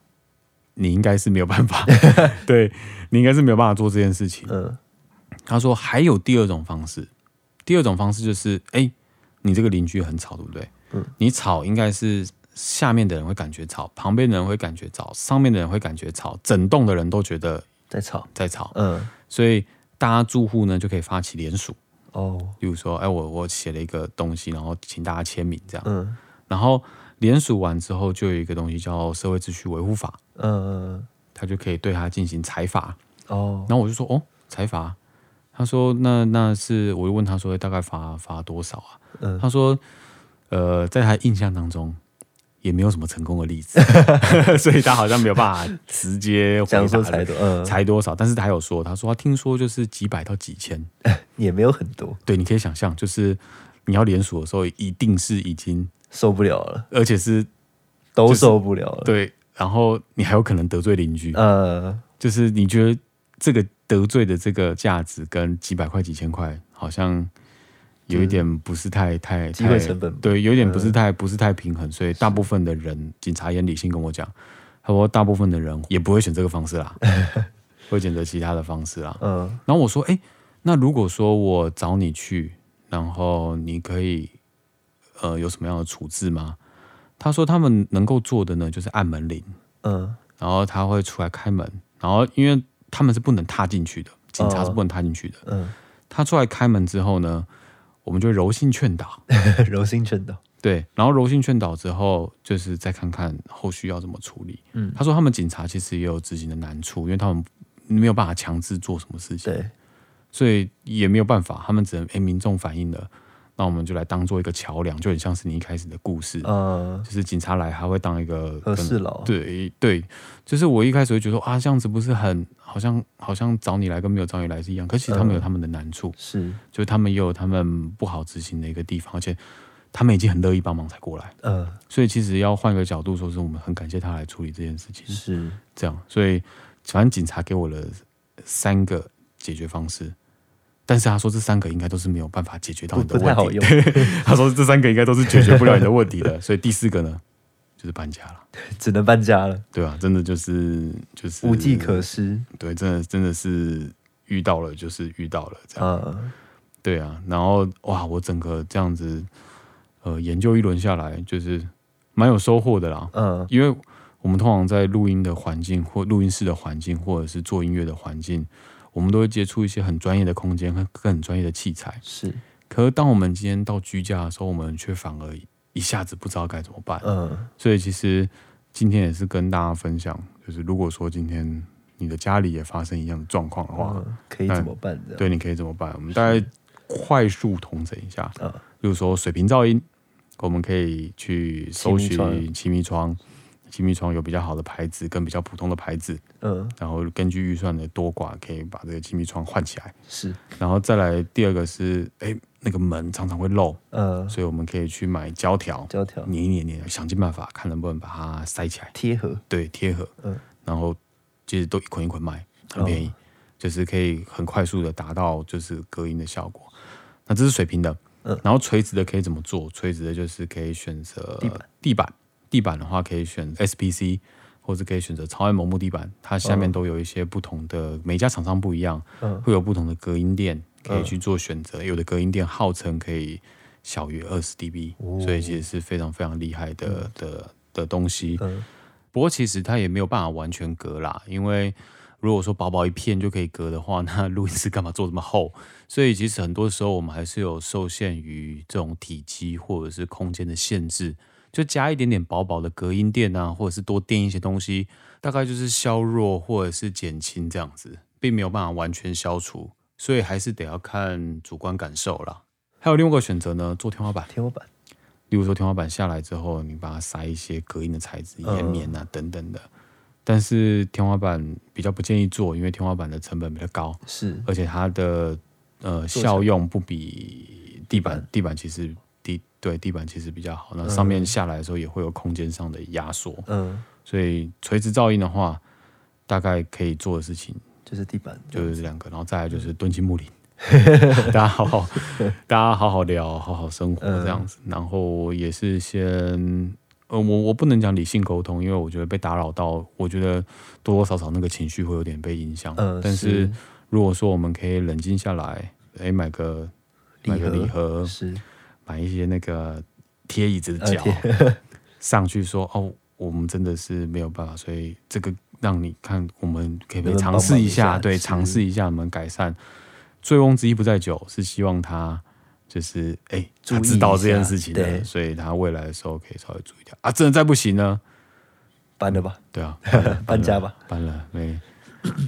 你應該是沒有辦法， 對，你應該是沒有辦法做這件事情。嗯，他說還有第二種方式，第二種方式就是哎。欸你這個鄰居很吵，對不對？嗯，你吵應該是下面的人會感覺吵，旁邊的人會感覺吵，上面的人會感覺吵，整棟的人都覺得在吵，在吵。嗯，所以大家住戶呢就可以發起聯署，哦，比如說，哎，我我寫了一個東西，然後請大家簽名，這樣。嗯，然後聯署完之後，就有一個東西叫《社會秩序維護法》嗯。嗯嗯嗯，他就可以對他進行裁罰哦，然後我就說，哦，裁罰。他說那：“那那是，我就問他說，大概罰罰多少啊？”嗯、他說：“呃，在他印象當中，也沒有什麼成功的例子， 所以他好像沒有辦法直接講說才多，嗯、才多少。但是，他有說，他說他聽說就是幾百到幾千，也沒有很多。對，你可以想象，就是你要連署的時候，一定是已經受不了了，而且是都受不了，了，就是。對，然後你還有可能得罪鄰居。呃、嗯，就是你覺得這個。”得罪的這個價值跟幾百塊、幾千塊，好像有一點不是太是太機會成本吧，對，有點不是太、嗯、不是太平衡，所以大部分的人，是警察也理性跟我講，他說大部分的人也不會選這個方式啦， 會選擇其他的方式啦。嗯，然後我說，哎、欸，那如果說我找你去，然後你可以呃有什麼樣的處置嗎？他說他們能夠做的呢，就是按門鈴，嗯，然後他會出來開門，然後因為。他們是不能踏進去的，警察是不能踏進去的。哦、嗯，他出來開門之後呢，我們就柔性勸導， 柔性勸導。對，然後柔性勸導之後，就是再看看後續要怎麼處理。嗯，他說他們警察其實也有執行的難處，因為他們沒有辦法強制做什麼事情，對，所以也沒有辦法，他們只能誒、欸，民眾反映的。那我們就來當做一個橋梁，就很像是你一開始的故事，嗯、呃，就是警察來還會當一個和事佬，對對，就是我一開始會覺得啊，這樣子不是很好像好像找你來跟沒有找你來是一樣，可其實他們有他們的難處，呃、是，就是他們也有他們不好執行的一個地方，而且他們已經很樂意幫忙才過來，嗯、呃，所以其實要換一個角度說，是我們很感謝他來處理這件事情，是這樣，所以反正警察給我了三個解決方式。但是他說這三個應該都是沒有辦法解決到你的問題。 他說這三個應該都是解決不了你的問題的，所以第四個呢，就是搬家了，只能搬家了。對啊，真的就是就是無計可施。對，真的真的是遇到了就是遇到了這樣。嗯，對啊，然後哇，我整個這樣子呃研究一輪下來，就是蠻有收穫的啦。嗯，因為我們通常在錄音的環境或錄音室的環境，或者是做音樂的環境，我們都會接觸一些很專業的空間和很專業的器材，是。可是當我們今天到居家的時候，我們卻反而一下子不知道該怎麼辦。嗯，所以其實今天也是跟大家分享，就是如果說今天你的家裡也發生一樣的狀況的話，嗯、可以怎麼辦？對，你可以怎麼辦？是我們大概快速統整一下，例就是說水平噪音，我們可以去搜尋“氣密窗”密窗。氣密窗有比較好的牌子，跟比較普通的牌子，嗯，然後根據預算的多寡，可以把這個氣密窗換起來。是，然後再來第二個是，哎，那個門常常會漏，嗯，所以我們可以去買膠條，膠條，粘一粘，想盡辦法，看能不能把它塞起來，貼合，對，貼合，嗯，然後其實都一捆一捆賣，很便宜，哦，就是可以很快速的達到就是隔音的效果。那這是水平的，嗯，然後垂直的可以怎麼做？垂直的就是可以選擇地板。地板地板的話，可以選 SPC，或者可以選擇超耐磨木地板。它下面都有一些不同的，嗯、每家廠商不一樣，會有不同的隔音墊可以去做選擇。嗯、有的隔音墊號稱可以小於二十 dB，所以其實是非常非常厲害的的、嗯、的東西。嗯、不過其實它也沒有辦法完全隔啦，因為如果說薄薄一片就可以隔的話，那錄音室幹嘛做這麼厚？所以其實很多時候，我們還是有受限於這種體積或者是空間的限制。就加一點點薄薄的隔音墊啊，或者是多墊一些東西，大概就是削弱或者是減輕這樣子，並沒有辦法完全消除，所以還是得要看主觀感受了。還有另外一個選擇呢，做天花板。天花板，例如說天花板下來之後，你把它塞一些隔音的材質，岩棉、嗯、啊等等的。但是天花板比較不建議做，因為天花板的成本比較高，是，而且它的呃效用不比地板，嗯、地板其實。地對地板其實比較好，那上面下來的時候也會有空間上的壓縮，嗯，所以垂直噪音的話，大概可以做的事情就是地板，就是這兩個，然後再來就是敦親睦鄰， 大家好好，大家好好聊，好好生活這樣子。嗯、然後也是先，嗯、呃，我我不能講理性溝通，因為我覺得被打擾到，我覺得多多少少那個情緒會有點被影響。嗯，是，但是如果說我們可以冷靜下來，哎，買個買個禮盒是。買一些那個貼椅子的腳，上去說 Okay. 哦，我們真的是沒有辦法，所以這個讓你看，我們可不可以嘗試一下？對，嘗試一下，對一下我們改善。醉是翁之意不在酒，是希望他就是哎，欸、他知道這件事情，對，所以他未來的時候可以稍微注意一點啊。真的再不行呢，搬了吧，對啊，搬 家吧，搬了沒？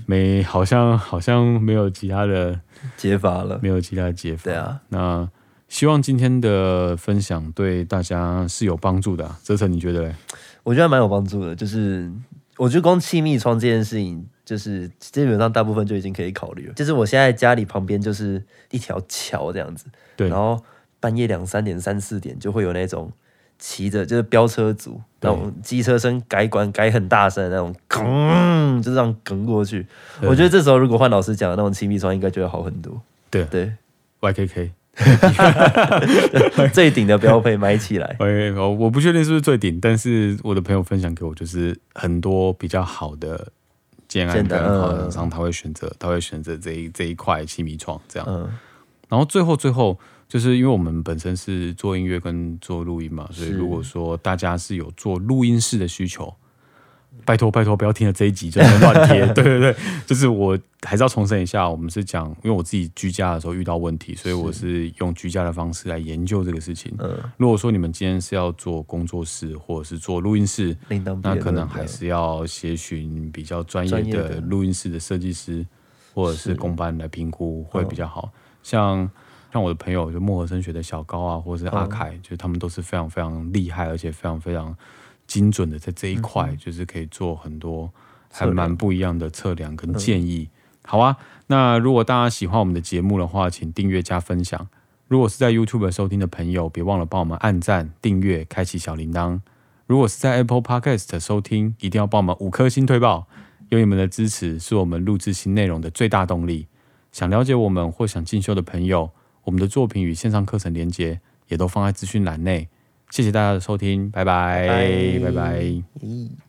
沒，好像好像沒有其他的解法了，沒有其他的解法，對啊，那。希望今天的分享對大家是有幫助的啊，賾丞你覺得嘞？我覺得蠻有幫助的，就是我覺得光氣密窗這件事情，就是基本上大部分就已經可以考慮了。就是我現在家裡旁邊就是一條橋這樣子，對，然後半夜兩三點、三四點就會有那種騎着就是飆車族對那種機車聲，改管改很大聲的那種，吭、嗯，就這樣梗過去。對我覺得這時候如果換老師講的那種氣密窗，應該就會好很多。對對，Y K K。哈哈哈！ 最頂的標配買 起來。哎，我我不確定是不是最頂，但是我的朋友分享給我，就是很多比較好的建安的，然後他會選擇，他會選擇這一這一塊氣密窗這樣。嗯、然後最後最後，就是因為我們本身是做音樂跟做錄音嘛，所以如果說大家是有做錄音室的需求。拜託，拜託，不要聽了這一集就亂貼。 對對對，就是我還是要重申一下，我們是講，因為我自己居家的時候遇到問題，所以我是用居家的方式來研究這個事情。嗯、如果說你們今天是要做工作室或者是做錄音室，那可能還是要協尋比較專業的錄音室的設計師或者是工班來評估會比較好。嗯、像像我的朋友就墨和聲學的小高啊，或者是阿凱，嗯、就他們都是非常非常厲害，而且非常非常。精準的在這一塊，就是可以做很多還蠻不一樣的測量跟建議。好啊，那如果大家喜歡我們的節目的話，請訂閱加分享。如果是在 YouTube 收聽的朋友，別忘了幫我們按讚、訂閱、開啟小鈴鐺。如果是在 Apple Podcast 收聽，一定要幫我們五顆星推爆。有你們的支持，是我們錄製新內容的最大動力。想了解我們或想進修的朋友，我們的作品與線上課程連結也都放在資訊欄內。謝謝大家的收聽，拜拜，拜拜。